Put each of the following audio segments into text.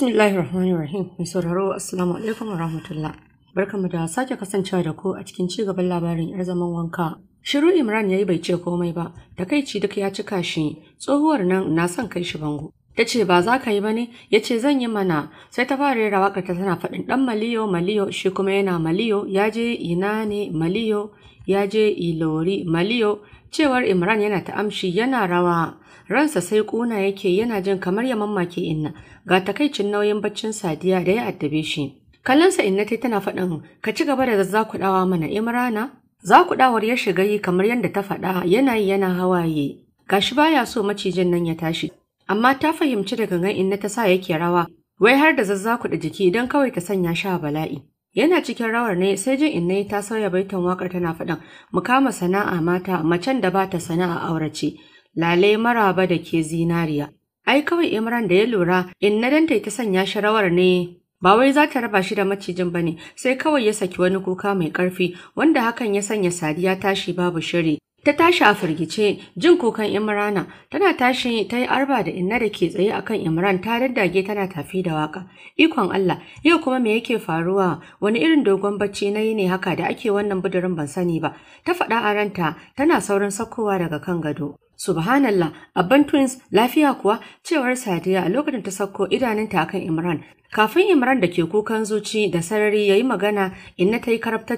Bismillahirrahmanirrahim. Mai sauraro Assalamu alaikum wa rahmatullah. Barkanmu da sake kasancewa da ku a cikin ci gaban labarin 'yar zaman wanka. Shiru Imran ya yi bai ce komai ba, takaici duk ya cika shi, tsohuwar nan na son kai shi bango. Ta ce ba za ka yi ba ne, ya ce zan yi mana, sai ta fara rera waƙar ta tana faɗin ɗan maliyo maliyo shi kuma yana maliyo ya je ina ne maliyo ya je ilori maliyo cewar Imran yana ta amshi yana rawa. ransa sai kuna yake yana jin kamar ya mammake inna ga takaicin nauyin baccin sadiya da ya addabe shi kallonsa inna tai tana faɗin ka ci gaba da zazzakuɗawa mana imrana zakudawar ya shiga yi kamar yadda ta faɗa yana yi yana hawaye gashi baya so macijin nan ya tashi amma ta fahimci daga gan inna ta sa yake rawa wai har da zazzakuɗa jiki don kawai ta sanya sha bala'i Yana cikin rawar ne sai jin inna ta sauya baitan wakar tana faɗan mu kama sana'a mata macen da ba ta sana'a aurace lale maraba da ke zinariya. Ai kawai Imran da ya lura in na danta ta sanya shi rawar ne ba wai za ta raba shi da macijin ba ne sai kawai ya saki wani kuka mai ƙarfi wanda hakan ya sanya Sadiya tashi babu shiri Ta tashi a firgice, jin kukan Imrana, tana tashi ta yi arba da inna da ke tsaye akan Imran ta daddage tana tafi da waka. Ikon Allah, yau kuma me yake faruwa? Wani irin dogon bacci na yi ne haka da ake wannan budurin ban sani ba. Ta faɗa a ranta, tana saurin saukowa daga kan gado. Subhanallah, abban twins lafiya kuwa cewar Sadiya a lokacin ta sakko idanunta akan Imran. Kafin Imran da ke kukan zuci da sarari ya yi magana, inna ta yi karabta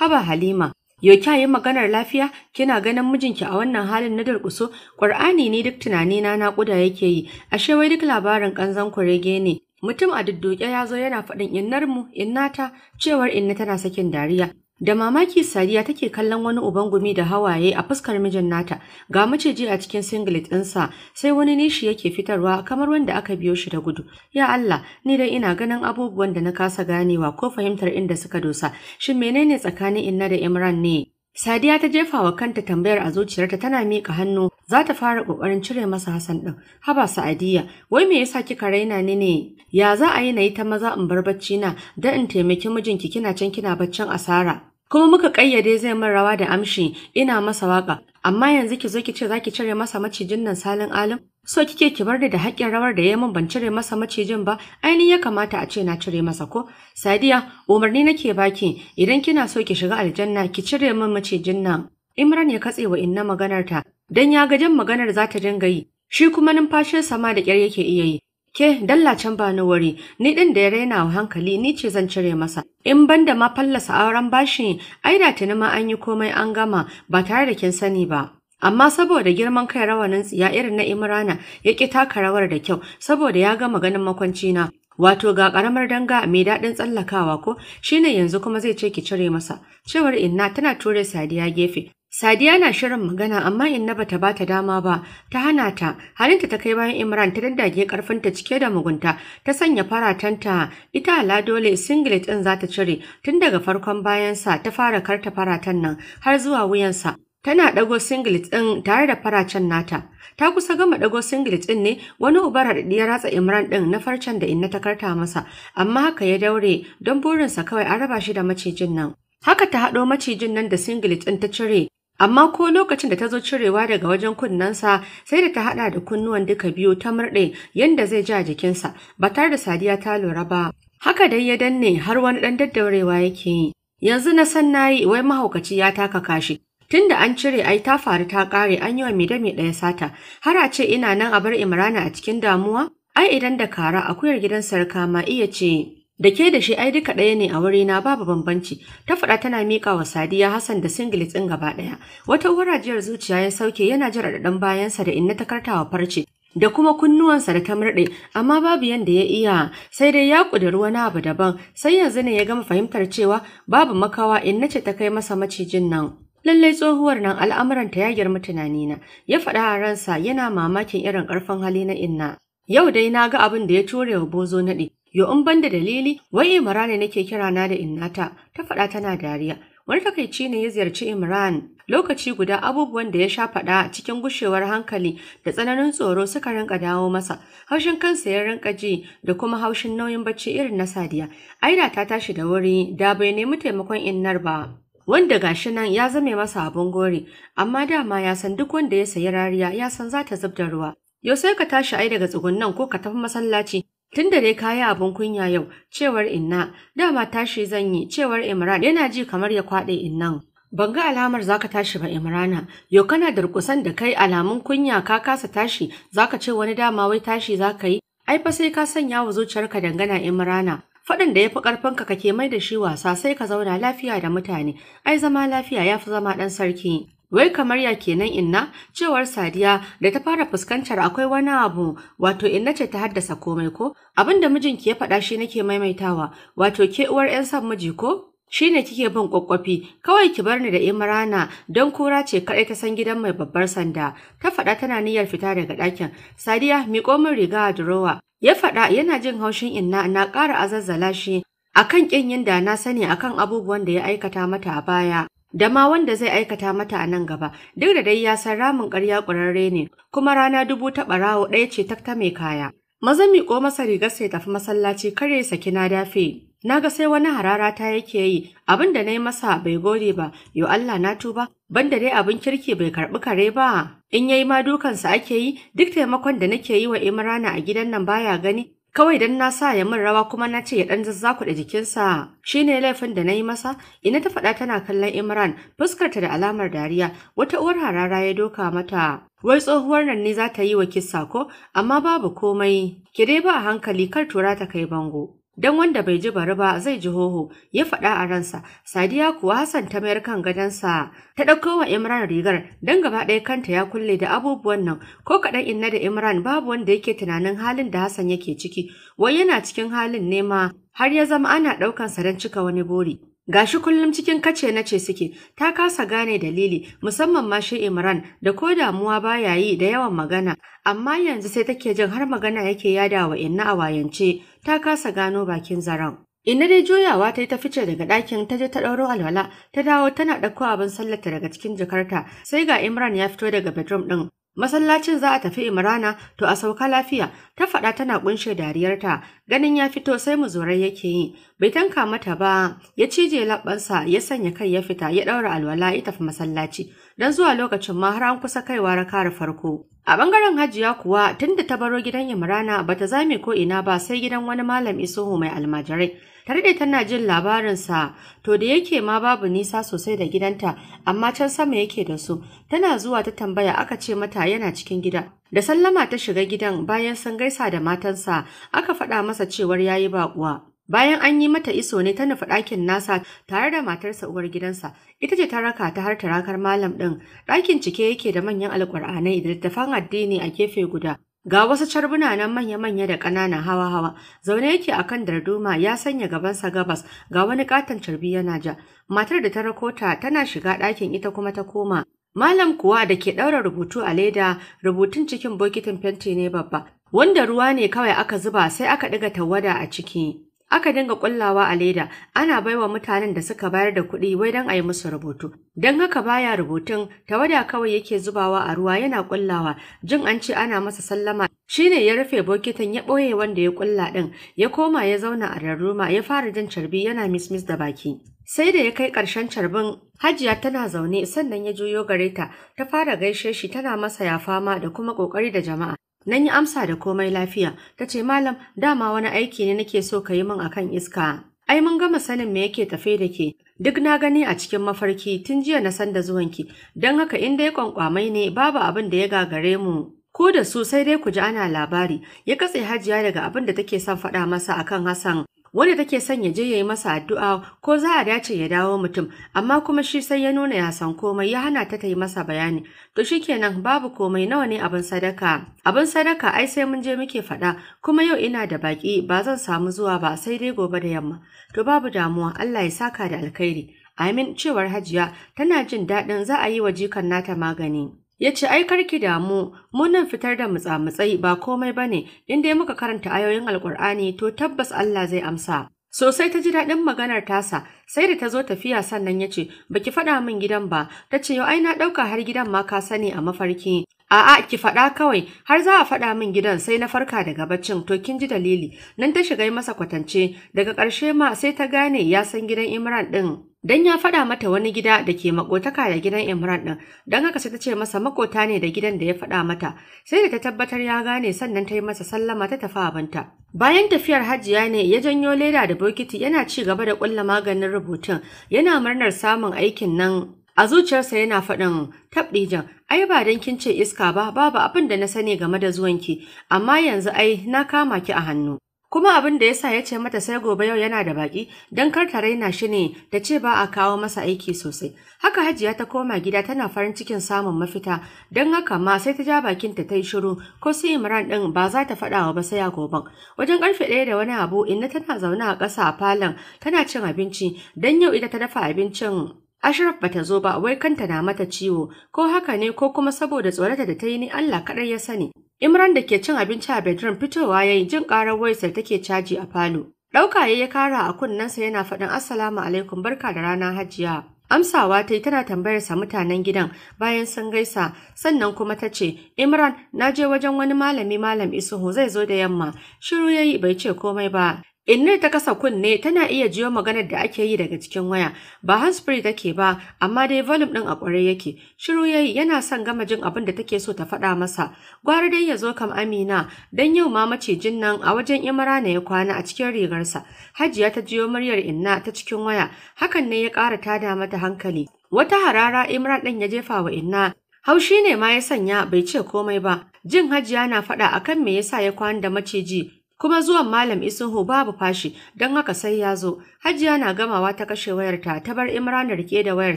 haba Halima, Yau kya yi maganar lafiya kina ganin mijinki a wannan halin na durƙuso Ƙur'ani ne duk tunanina na naƙuda yake yi ashe wai duk labarin ƙanzan kurege ne mutum a dudduke ya zo yana faɗin innarmu innata cewar inna tana sakin dariya Da mamaki Sadiya take kallon wani ubangumi da hawaye a fuskar mijin nata, ga maciji a cikin singlet ɗinsa, sai wani nishi yake fitarwa kamar wanda aka biyo shi da gudu. Ya Allah, ni dai ina ganin abubuwan da na kasa ganewa ko fahimtar inda suka dosa. Shin menene tsakanin Inna da Imran ne? Sadiya ta jefa wa kanta tambayar a zuciyarta tana miƙa hannu, za ta fara ƙoƙarin cire masa Hassan ɗin. Haba Sa'adiyya, wai me yasa kika raina ni ne? Ya za a yi na yi ta maza in bar bacci na don in taimaki mijinki kina can kina baccin asara. kuma muka kayyade zai min rawa da amshi ina masa waka amma yanzu ki zo ki ce zaki cire masa macijin nan salin alim so kike ki bar da haƙƙin rawar da ya min ban cire masa macijin ba ainihin ya kamata a ce na cire masa ko sadiya umarni nake baki idan kina so ki shiga aljanna ki cire min macijin nan imran ya katse wa inna maganar ta dan ya ga jan maganar za ta dinga yi shi kuma numfashin sama da ƙyar yake iya yi Ke, dalla can ba ni wuri, ni ɗin da ya raina wa hankali ni ce zan cire masa. In ban da ma fallasa auren bashi, ai da tuni ma an yi komai an gama ba tare da kin sani ba. Amma saboda girman kai rawanin tsiya irin na Imrana ya ki taka rawar da kyau saboda ya gama ganin makwanci na. Wato ga karamar danga mai daɗin tsallakawa ko shine yanzu kuma zai ce ki cire masa. Cewar inna tana ture sadiya gefe. Sadiya na shirin magana amma Inna bata ba dama ba, ta hana ta, halinta ta kai bayan Imran ta daddage ƙarfinta cike da mugunta, ta sanya faratanta, ita ala dole singlet ɗin za ta cire, tun daga farkon bayansa ta fara karta faratan nan har zuwa wuyansa. Tana ɗago singlet ɗin tare da faracen nata. Ta kusa gama ɗago singlet ɗin ne wani ubar haɗaɗɗi ya ratsa Imran ɗin na farcen da Inna ta karta masa, amma haka ya daure don burinsa kawai an raba shi da macijin nan. Haka ta haɗo macijin nan da singlet ɗin ta cire amma ko lokacin da ta zo cirewa daga wajen kunnensa sai da ta haɗa da kunnuwan duka biyu ta murɗe yadda zai ja jikinsa ba tare da sadiya ta lura ba haka dai ya danne har wani ɗan daddaurewa yake yi yanzu na san na yi wai mahaukaci ya taka kashi tunda an cire ai ta faru ta ƙare an yi wa mai dame ɗaya sata har a ce ina nan a bar imrana a cikin damuwa ai idan da kara akuyar gidan sarka ma iya ce da ke da shi ai duka ɗaya ne a wuri na babu bambanci ta faɗa tana miƙa wa sadiya hassan da singlet ɗin gaba ɗaya wata wurajiyar zuciya ya sauke yana da raɗaɗin bayansa da inna ta kartawa farce da kuma kunnuwansa da ta murɗe amma babu yanda ya iya sai dai ya ƙudiri wani abu daban sai yanzu ne ya gama fahimtar cewa babu makawa inna ce ta kai masa macijin nan Lallai tsohuwar nan al'amuranta ya girma tunanina, ya faɗa a ransa yana mamakin irin ƙarfin hali na inna. Yau dai na ga abin da ya ture wa bozo naɗi. Yo in banda dalili, wai Imran nake kira na da innata, ta faɗa tana dariya. Wani takaici ne ya ziyarci Imran. Lokaci guda abubuwan da ya sha faɗa cikin gushewar hankali da tsananin tsoro suka rinka dawo masa. Haushin kansa ya rinka ji da kuma haushin nauyin bacci irin na Sadiya. Aida ta tashi da wuri, da bai nemi taimakon innar ba. Wanda gashi nan ya zame masa abin gori, amma dama ya san duk wanda ya sayi rariya ya san za ta zub da ruwa. Yau sai ka tashi ai daga tsugunnan ko ka tafi masallaci Tun da dai kayi abin kunya yau, cewar inna, dama tashi zan yi, cewar Imran yana ji kamar ya kwaɗe innan. Ban ga alamar zaka tashi ba Imrana, yau kana durƙusan da kai alamun kunya ka kasa tashi, zaka ce wani dama wai tashi zaka yi, ai fa sai ka sanya wa zuciyarka dangana Imrana. Faɗin da ya fi ƙarfinka kake mai da shi wasa sai ka zauna lafiya da mutane, ai zama lafiya ya fi zama ɗan sarki. Wai kamar ya kenan inna cewar Sadiya da ta fara fuskantar akwai wani abu wato inna ce ta haddasa komai ko abin da mijinki ya faɗa shi nake maimaitawa wato ke uwar 'yan son miji ko shi ne kike bin kwakwafi kawai ki bar ni da imrana don kura ce kaɗai ta san gidan mai babbar sanda ta faɗa tana niyyar fita daga ɗakin sadiya miƙo min riga a durowa ya faɗa yana jin haushin inna na ƙara azazzala shi akan kin yin da na sani akan abubuwan da ya aikata mata a baya da ma wanda zai aikata mata a nan gaba duk da dai ya san ramin ƙarya ƙurarre ne kuma rana dubu ta ɓarawo ɗaya ce ta ta mai kaya maza miƙo masa rigar sai tafi masallaci kar ya saki na dafe na ga sai wani harara ta yake yi abin da na yi masa bai gode ba yo Allah na tuba ban da dai abin kirki bai karɓi kare ba in yayi ma dukansa ake yi duk taimakon da nake yi wa Imrana a gidan nan baya gani Kawai dan na sa ya min rawa kuma na ce ya dan da jikinsa. Shi ne laifin da na yi masa? Ina ta faɗa tana kallon Imran, fuskarta da alamar dariya, wata uwar harara ya doka mata. Wai tsohuwar nan ne za ta yi wa kissa ko, amma babu komai. Ki dai ba a hankali kar tura ta kai bango. don wanda bai ji bari ba zai ji hoho ya faɗa a ransa sadiya kuwa hassan ta mayar kan gadonsa ta ɗauko wa imran rigar don gaba ɗaya kanta ya kulle da abubuwan nan ko kaɗan inna da imran babu wanda yake tunanin halin da hassan yake ciki wai yana cikin halin nema har ya zama ana ɗaukansa don cika wani buri Gashi kullum cikin kace na ce suke, ta kasa gane dalili, musamman ma shi Imran da ko damuwa baya yi da yawan magana, amma yanzu sai take jin har magana yake yada wa inna a wayance, ta kasa gano bakin zaren. Inna dai juyawa ta yi ta fice daga ɗakin ta je ta ɗauro alwala, ta dawo tana ɗauko abin sallarta daga cikin jakarta, sai ga Imran ya fito daga bedroom ɗin, Masallacin za a tafi Imrana to a sauka lafiya, ta faɗa tana ƙunshe dariyarta, ganin ya fito sai mu muzurai yake yi, bai tanka mata ba, ya cije labbansa ya sanya kai ya fita ya ɗaura alwala ya tafi masallaci, don zuwa lokacin ma har an kusa kaiwa rakara farko. A ɓangaren Hajiya kuwa tunda ta baro gidan Imrana bata zame ko ina ba sai gidan wani malam Isuhu mai almajirai. tare da tana jin labarinsa to da yake ma babu nisa sosai da gidanta amma can sama yake da su tana zuwa ta tambaya aka ce mata yana cikin gida da sallama ta shiga gidan bayan sun gaisa da matansa aka faɗa masa cewar yayi baƙuwa Bayan an yi mata iso ne ta nufi ɗakin nasa tare da matarsa uwar gidansa, ita ce ta raka ta har tarakar malam ɗin. Ɗakin cike yake da manyan alƙur'anai da littafan addini a gefe guda. Ga wasu carbuna nan manya-manya da ƙananan hawa-hawa, zaune yake a kan darduma ya sanya gabansa gabas ga wani katon carbi yana ja. Matar da ta rakota tana shiga ɗakin ita kuma ta koma. Malam kuwa da ke ɗaura rubutu a leda rubutun cikin bokitin fenti ne babba, wanda ruwa ne kawai aka zuba sai aka ɗiga tawada a ciki. Aka dinga kullawa a leda, ana baiwa mutanen da suka bayar da kuɗi wai don a yi musu rubutu. Don haka baya rubutun, tawada kawai yake zubawa a ruwa yana kullawa, jin an ce ana masa sallama. Shi ne ya rufe bokitin ya ɓoye wanda ya kulla ɗin, ya koma ya zauna a darruma ya fara jin carbi yana mis-mis da baki. Sai da ya kai ƙarshen carbin, Hajiya tana zaune sannan ya juyo gare ta, ta fara gaishe shi tana masa ya fama da kuma ƙoƙari da jama'a. Nan yi amsa da komai lafiya, ta ce malam dama wani aiki ne nake so ka yi min akan iska. Ai mun gama sanin me yake tafe da ke, duk na gani a cikin mafarki tun jiya na san da zuwanki, don haka in dai kwankwamai ne babu abin da ya gagare mu. Ko da su sai dai ku ji ana labari, ya katse hajiya daga abin da take son faɗa masa akan Hassan wanda take son ya je ya yi masa addu'a ko za a dace ya dawo mutum amma kuma shi sai ya nuna ya san komai ya hana ta ta yi masa bayani to shi shikenan babu komai nawa ne abin sadaka abin sadaka ai sai mun je muke faɗa kuma yau ina da baƙi, ba zan samu zuwa ba sai dai gobe da yamma to babu damuwa Allah ya saka da alkhairi amin cewar hajiya tana jin daɗin za a yi wa jikan nata magani ya ce ai karki damu mun nan fitar da mutsamutsai ba komai bane in dai muka karanta ayoyin alkur'ani to tabbas Allah zai amsa sosai ta ji daɗin maganar tasa sai da ta zo tafiya sannan ya ce baki faɗa min gidan ba ta ce yau ai na ɗauka har gidan ma ka sani a mafarki A'a ki faɗa kawai har za a faɗa min gidan sai na farka daga baccin to kin ji dalili nan ta shiga masa kwatance daga ƙarshe ma sai ta gane ya san gidan Imran ɗin Dan ya faɗa mata wani gida da ke makotaka da gidan Imran ɗin, don haka sai ta ce masa makota ne da gidan da ya faɗa mata, sai da ta tabbatar ya gane sannan ta yi masa sallama ta tafi abinta. Bayan tafiyar hajiya ne ya janyo leda da bokiti yana ci gaba da ƙulla maganin rubutun, yana murnar samun aikin nan a zuciyarsa yana faɗin tabdijan ai ba don kin ce iska ba babu abin da na sani game da zuwanki amma yanzu ai na kama ki a hannu kuma abin da yasa ya ce mata sai gobe yau yana da baki don kar ta raina shi ne da ce ba a kawo masa aiki sosai haka hajiya ta koma gida tana farin cikin samun mafita don haka ma sai ta ja bakin ta yi shiru ko su imran din ba za ta faɗawa ba sai a goben wajen karfe ɗaya da wani abu inna tana zaune a ƙasa a falon tana cin abinci don yau ita ta dafa abincin Ashraf bata zo ba wai kanta na mata ciwo ko haka ne ko kuma saboda tsoronta da ta yi ni Allah kaɗai ya sani Imran da ke cin abinci a bedroom fitowa yayin jin karar da take caji a falo. Ɗauka ya kara a sa yana faɗin Assalamu alaikum barka da rana hajiya. Amsawa ta yi tana tambayar sa mutanen gidan bayan sun gaisa sannan kuma ta ce Imran na je wajen wani malami malam Isuhu zai zo da yamma shiru yayi bai ce komai ba da ta kasa kunne tana iya jiyo maganar da ake yi daga cikin waya, ba handsfree take ba, amma dai volume din a kware yake. Shiru yayi yana son gama jin abin da take so ta faɗa masa. Gwara dai ya zo kam Amina, dan yau ma macijin nan a wajen Imara ne ya kwana a cikin rigarsa. Hajiya ta jiyo muryar Inna ta cikin waya, hakan ne ya ƙara tada mata hankali. Wata harara Imara ɗin ya jefa wa Inna Haushi ne ma ya sanya bai ce komai ba, jin hajiya na faɗa akan me yasa ya kwana da maciji kuma zuwan Malam Isuhu babu fashi don haka sai ya zo. Hajiya na gamawa ta kashe wayarta ta bar Imran rike da wayar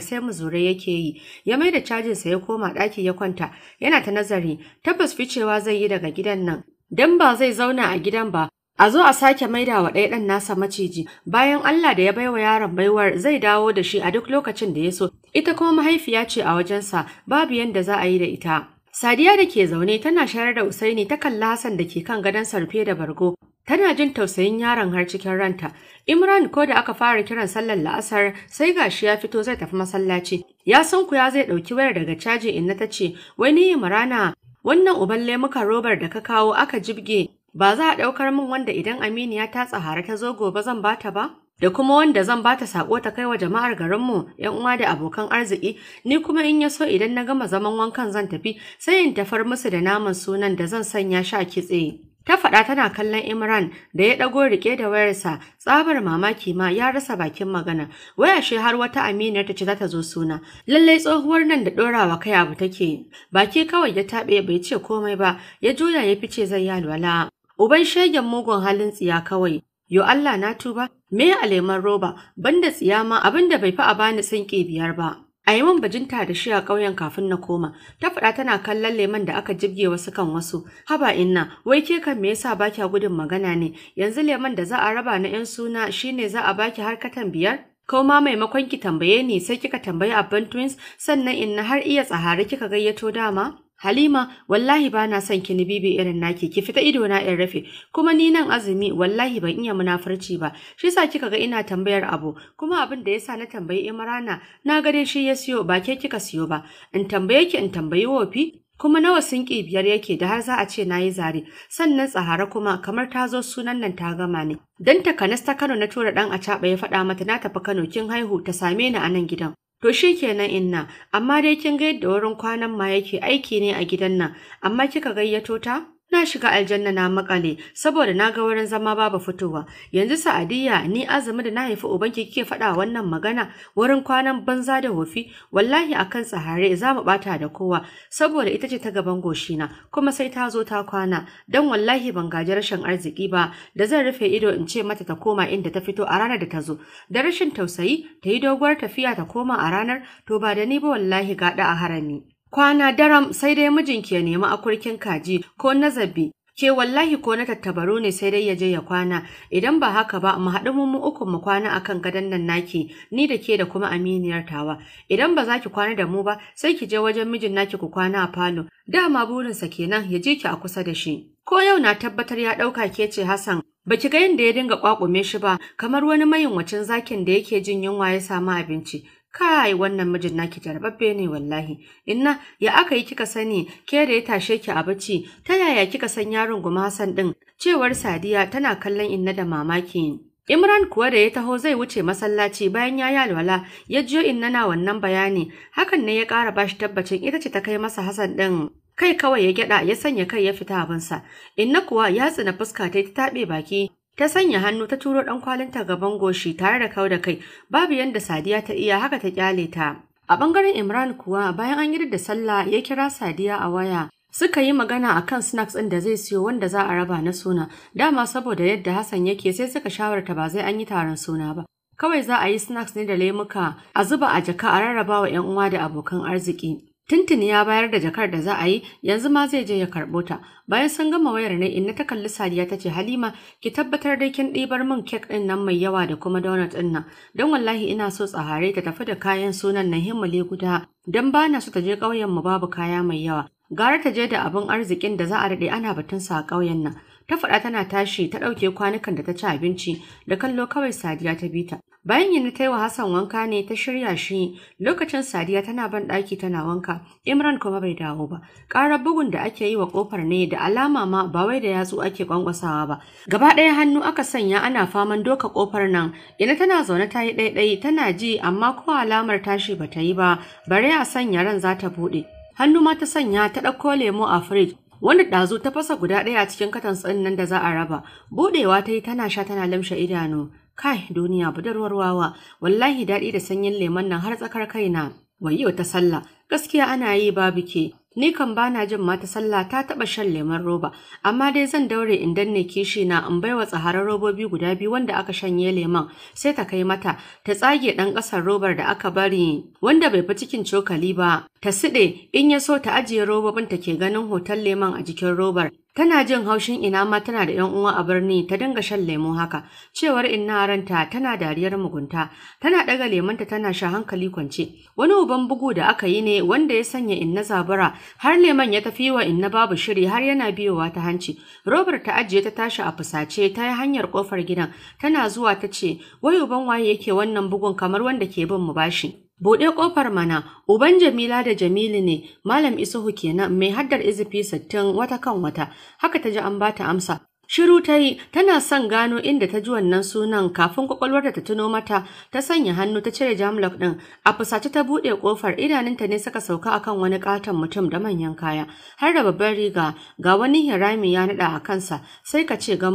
sai muzure yake yi. Ya mai da cajin sa ya koma ɗaki ya kwanta. Yana ta nazari tabbas ficewa zai yi daga gidan nan. Dan ba zai zauna a gidan ba. A zo a sake maida wa ɗaya ɗan nasa maciji bayan Allah da ya bai wa yaron baiwar zai dawo da shi a duk lokacin da ya so. Ita kuma mahaifiya ce a wajensa babu yadda za a yi da ita. Sadiya da ke zaune tana shayar da Usaini ta kalla Hassan da ke kan gadon sarfe da bargo. Tana jin tausayin yaron har cikin ranta. Imran ko da aka fara kiran sallar la'asar sai gashi ya fito zai tafi masallaci. Ya san ya zai ɗauki wayar daga caji inna ta ce, "Wai ni Imrana, wannan uban lemuka robar da ka kawo aka jibge, ba za a ɗaukar min wanda idan Aminiya ta tsahara ta zo gobe zan bata ba?" da kuma wanda zan ba ta sako ta kai wa jama'ar garinmu yan uwa da abokan arziki ni kuma in ya so idan na gama zaman wankan zan tafi sai in tafar musu da naman sunan da zan sanya sha kitse ta faɗa tana kallon Imran da ya ɗago rike da wayarsa tsabar mamaki ma ya rasa bakin magana waya shi har wata amina ta ce za ta zo suna lallai tsohuwar nan da ɗorawa kai abu take baki kawai ya taɓe bai ce komai ba ya juya ya fice zai yi alwala uban shegen mugun halin tsiya kawai yo Allah na tuba me ya aleman roba banda tsiyama abinda bai fi a bani ke biyar ba a yi min bajinta da shi a ƙauyen kafin na koma ta faɗa tana kallon leman da aka jibge wasu kan wasu haba inna wai ke kan me yasa baki gudun magana ne yanzu leman da za a raba na yan suna shine za a baki harkatan biyar Koma ma maimakon ki tambaye ni sai kika tambayi abban twins sannan inna har iya tsahari kika gayyato dama? Halima wallahi ba na son kini bibi irin naki ki fita ido na in rufe kuma ni nan azumi wallahi ban iya munafurci ba shi yasa kika ga ina tambayar abu kuma abin da yasa na tambayi Imrana na ga shi ya siyo ba ke kika siyo ba in tambaye ki in tambayi wofi kuma nawa sun ƙi biyar yake da har za a ce nayi zare sannan tsahara kuma kamar ta zo sunan nan ta gama ne dan takanas ta Kano na tura dan a ya faɗa mata na tafi Kano kin haihu ta same ni a nan gidan To shi kenan inna, amma dai kin ga yadda wurin kwanan ma yake aiki ne a gidan nan, amma kika gayyato ta? Na shiga aljanna na makale saboda na ga wurin zama babu fitowa. Yanzu Sa'adiyya ni azumi da na haifi ubanki kike faɗa wannan magana wurin kwanan banza da hofi wallahi akan tsahare za mu bata da kowa saboda ita ce ta gaban goshina kuma sai ta zo ta kwana dan wallahi ban gaji rashin arziki ba da zan rufe ido in ce mata ta koma inda ta fito a ranar da ta zo. Da rashin tausayi ta yi doguwar tafiya ta koma a ranar to ba da ni ba wallahi gaɗa a harami. kwana daram sai dai mijinki ya nemi akurkin kaji ko na zabi ke wallahi ko na tattabaru ne sai dai ya je ya kwana idan ba haka ba mu haɗu mu uku mu kwana akan gadon nan naki ni da ke da kuma aminiyar tawa idan ba za ki kwana da mu ba sai ki je wajen mijin naki ku kwana a falo dama burinsa kenan ya je ki a kusa da shi ko yau na tabbatar ya ɗauka ke ce Hassan ki ga yadda ya dinga kwakume shi ba kamar wani mayin wacin zakin da yake jin yunwa ya samu abinci kai wannan mijin naki jarababbe ne wallahi inna ya aka yi kika sani ke da ya tashe ki a bacci ta yaya kika san yaron guma Hassan din cewar Sadiya tana kallon inna da mamaki Imran kuwa da ya taho zai wuce masallaci bayan ya yi alwala ya jiyo inna na wannan bayani hakan ne ya ƙara bashi tabbacin ita ce ta kai masa Hassan din kai kawai ya gyada ya sanya kai ya fita abinsa inna kuwa ya tsina fuska ta taɓe baki Ta sanya hannu ta turo ɗan kwalinta ga shi tare da kau da kai, babu yadda Sadiya ta iya haka ta kyale ta. A ɓangaren Imran kuwa bayan an yi da sallah ya kira Sadiya a waya. Suka yi magana a kan snacks ɗin da zai siyo wanda za a raba na suna, dama saboda yadda Hassan yake sai suka shawarta ba zai an yi taron suna ba. Kawai za a yi snacks ne da laimuka. a zuba a jaka a rarraba wa ‘yan uwa da abokan arziki. Tintini ya bayar da jakar da za a yi yanzu ma zai je ya karɓo ta. Bayan sun gama wayar ne inna ta kalli Sadiya ta ce Halima ki tabbatar dai kin ɗibar min kek ɗin nan mai yawa da kuma donut ɗin nan. Don wallahi ina so tsahare ta tafi da kayan sunan na himmale guda. Don ba na so ta je ƙauyen mu babu kaya mai yawa. Gara ta je da abin arzikin da za a daɗe ana batun sa a ƙauyen nan. Ta faɗa tana tashi ta ɗauke kwanukan da ta ci abinci da kallo kawai Sadiya ta bita. Bayan Yini ta yi wa Hassan wanka ne ta shirya shi lokacin Sadiya tana ban ɗaki tana wanka, Imran kuma bai dawo ba. Ƙarar bugun da ake yi wa ƙofar ne da alama ma ba wai da yatsu ake kwankwasawa ba. Gaba ɗaya hannu aka sanya ana faman doka ƙofar nan, Ina tana zaune ta yi ɗaiɗai tana ji amma ko alamar tashi ba ta yi ba, bare a sanya ran za ta buɗe. Hannu ma ta sanya ta ɗauko lemo a firij wanda ɗazu ta fasa guda ɗaya a cikin katon tsinnan da za a raba buɗewa ta yi tana sha tana lamshe idanu Kai duniya budurwar wawa, wallahi daɗi da sanyin lemon nan har tsakar kaina. Wayyo ta sallah, gaskiya ana yi babu ke. Ni kan bana jin mata sallah ta taɓa shan lemon roba, amma dai zan daure in danne kishi na in baiwa tsaharar robobi guda biyu wanda aka shanye lemon sai ta kai mata ta tsage ɗan ƙasar robar da aka bari wanda bai fi cikin cokali ba ta siɗe in ya so ta ajiye robobin ta ke ganin hoton lemon a jikin robar tana jin haushin ina ma tana da yan uwa a birni ta dinga shan lemo haka cewar inna ranta tana dariyar mugunta tana ɗaga lemonta tana sha hankali kwance wani uban bugu da aka yi ne wanda ya sanya inna zabara, har lemon ya tafi wa inna babu shiri har yana biyowa ta hanci robar ta ajiye ta tashi a fusace ta yi hanyar kofar gidan tana zuwa ta ce wai uban waye yake wannan bugun kamar wanda ke bin mu bashi Buɗe ƙofar mana, uban Jamila da Jamilu ne, Malam Isuhu kenan mai haddar izifi sittin wata kan wata, haka ta ji an ba ta amsa. Shiru ta yi, tana son gano inda ta ji wannan sunan kafin da ta tuno mata, ta sanya hannu ta cire jamlok ɗin, a fusace ta buɗe ƙofar idanunta ne suka sauka akan wani ƙaton mutum da manyan kaya, har da babban riga ga wani hirami ya naɗa a kansa, sai ka ce gan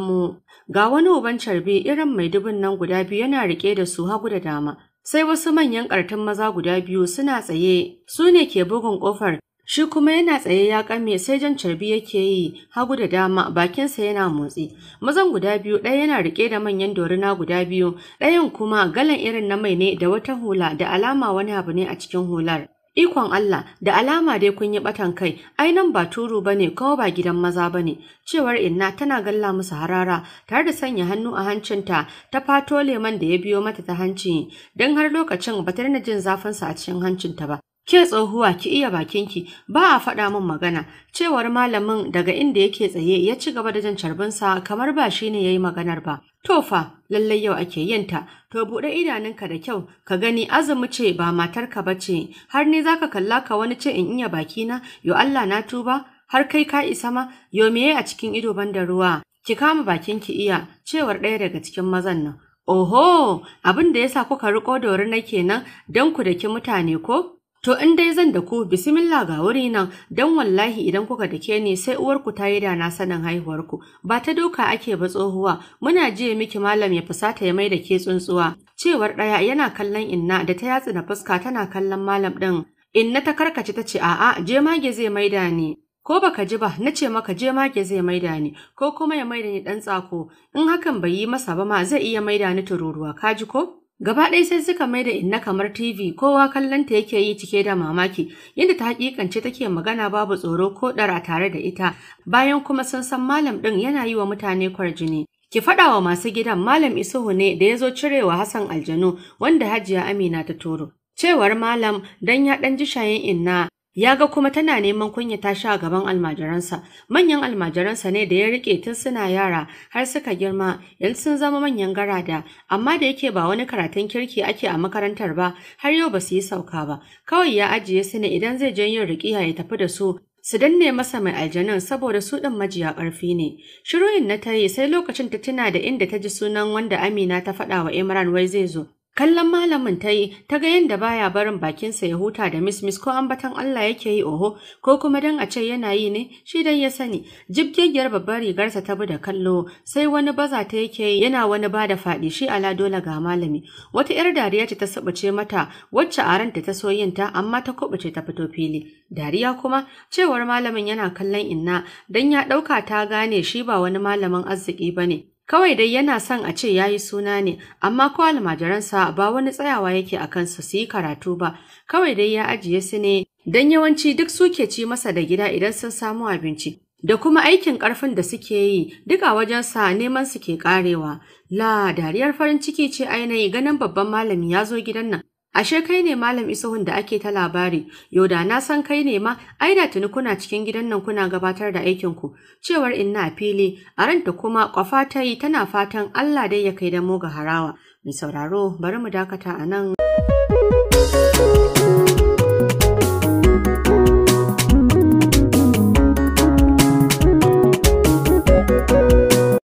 Ga wani uban carbi irin mai dubun nan guda biyu yana riƙe da su hagu da dama. sai wasu manyan ƙartun maza guda biyu suna tsaye su ne ke bugun ƙofar shi kuma yana tsaye ya ƙame sai jan carbi yake yi hagu da dama bakinsa yana motsi mazan guda biyu ɗaya yana riƙe da manyan dorina guda biyu ɗayan kuma galan irin na mai ne da wata hula da alama wani abu ne a cikin hular Ikon Allah, da alama dai kun yi batan kai, ai nan ba turu ba ne ko ba gidan maza ba ne, cewar inna tana galla musu harara tare da sanya hannu a hancinta ta fato leman da ya biyo mata ta hanci, don har lokacin ba ta jin zafinsa a cikin hancinta ba. Ke tsohuwa ki iya bakinki ba a faɗa min magana cewar malamin daga inda yake tsaye ya ci gaba da jan carbinsa kamar ba shi ne ya yi maganar ba. To fa lallai yau ake yin ta to buɗe idanunka da kyau ka gani azumi ce ba matarka ba ce har ne za ka kalla ka wani ce in iya bakina yo Allah na tuba har kai ka isa ma yo meye a cikin ido banda ruwa ki kama bakinki iya cewar ɗaya daga cikin mazan nan. Oho abin da ya sa kuka riƙo dori na kenan don ku daki mutane ko? To in dai zan da ku bismillah ga wuri nan dan wallahi idan kuka dake ni sai uwarku ta yi da na sanin haihuwarku ba ta doka ake ba tsohuwa muna ji miki malam ya fusata ya mai da ke tsuntsuwa cewar daya yana kallon inna da ta yatsu na fuska tana kallon malam din inna ta karkace ta ce a'a je mage zai maida ni ko baka ji ba na ce maka je mage zai maida ni ko kuma ya maida ni dan tsako in hakan bai yi masa ba ma zai iya maida ni tururuwa kaji ko Gaba ɗaya sai suka mai da inna kamar TV kowa kallon ta yake yi cike da mamaki yadda ta hakikance take magana babu tsoro ko ɗara tare da ita bayan kuma sun san malam ɗin yana yi wa mutane kwarjini. Ki faɗa wa masu gidan malam Isuhu ne da ya zo cirewa Hassan Aljanu wanda Hajiya Amina ta turo. Cewar malam don ya ɗan ji shayin inna Ya ga kuma tana neman kunya ta sha gaban almajiransa, manyan almajiransa ne da ya rike tun suna yara har suka girma, yanzu sun zama manyan garada, amma da yake ba wani karatun kirki ake a makarantar ba, har yau ba su yi sauka ba. Kawai ya ajiye su ne idan zai je yin riƙiya ya tafi da su su danne masa mai aljanun saboda su ɗin majiya ƙarfi ne. Shiruyin na ta yi sai lokacin ta tuna da inda ta ji sunan wanda Amina ta faɗa wa Imran wai zai zo. Kallon malamin ta yi, ta ga yadda baya barin bakinsa ya huta da mismis ko an batan Allah yake yi oho, ko kuma don a ce yana yi ne, shi dai ya sani. Jibgigiyar babbar rigarsa ta bi da kallo, sai wani baza ta yake yi yana wani ba da faɗi shi ala dole ga malami. Wata 'yar dariya ce ta sabace mata, wacce a ranta ta so yin ta, amma ta kubuce ta fito fili. Dariya kuma, cewar malamin yana kallon inna, dan ya ɗauka ta gane shi ba wani malamin arziki ba ne. Kawai dai yana son a ce ya yi suna ne, amma ko almajiransa ba wani tsayawa yake a kansu su yi karatu ba, kawai dai ya ajiye su ne don yawanci duk suke ci masa da gida idan sun samu abinci. Da kuma aikin karfin da suke yi, duk a wajensa neman su ke karewa La, dariyar farin ciki ce ainihi ganin babban malami ya zo gidan nan, Ashe kai ne Malam Isuhun da ake ta labari, yau da na san kai ne ma, ai da tuni kuna cikin gidan nan kuna gabatar da aikinku, cewar inna a fili, a ranta kuma kwafa ta yi tana fatan Allah dai ya kai da mu ga harawa. Mai sauraro, bari mu dakata a nan.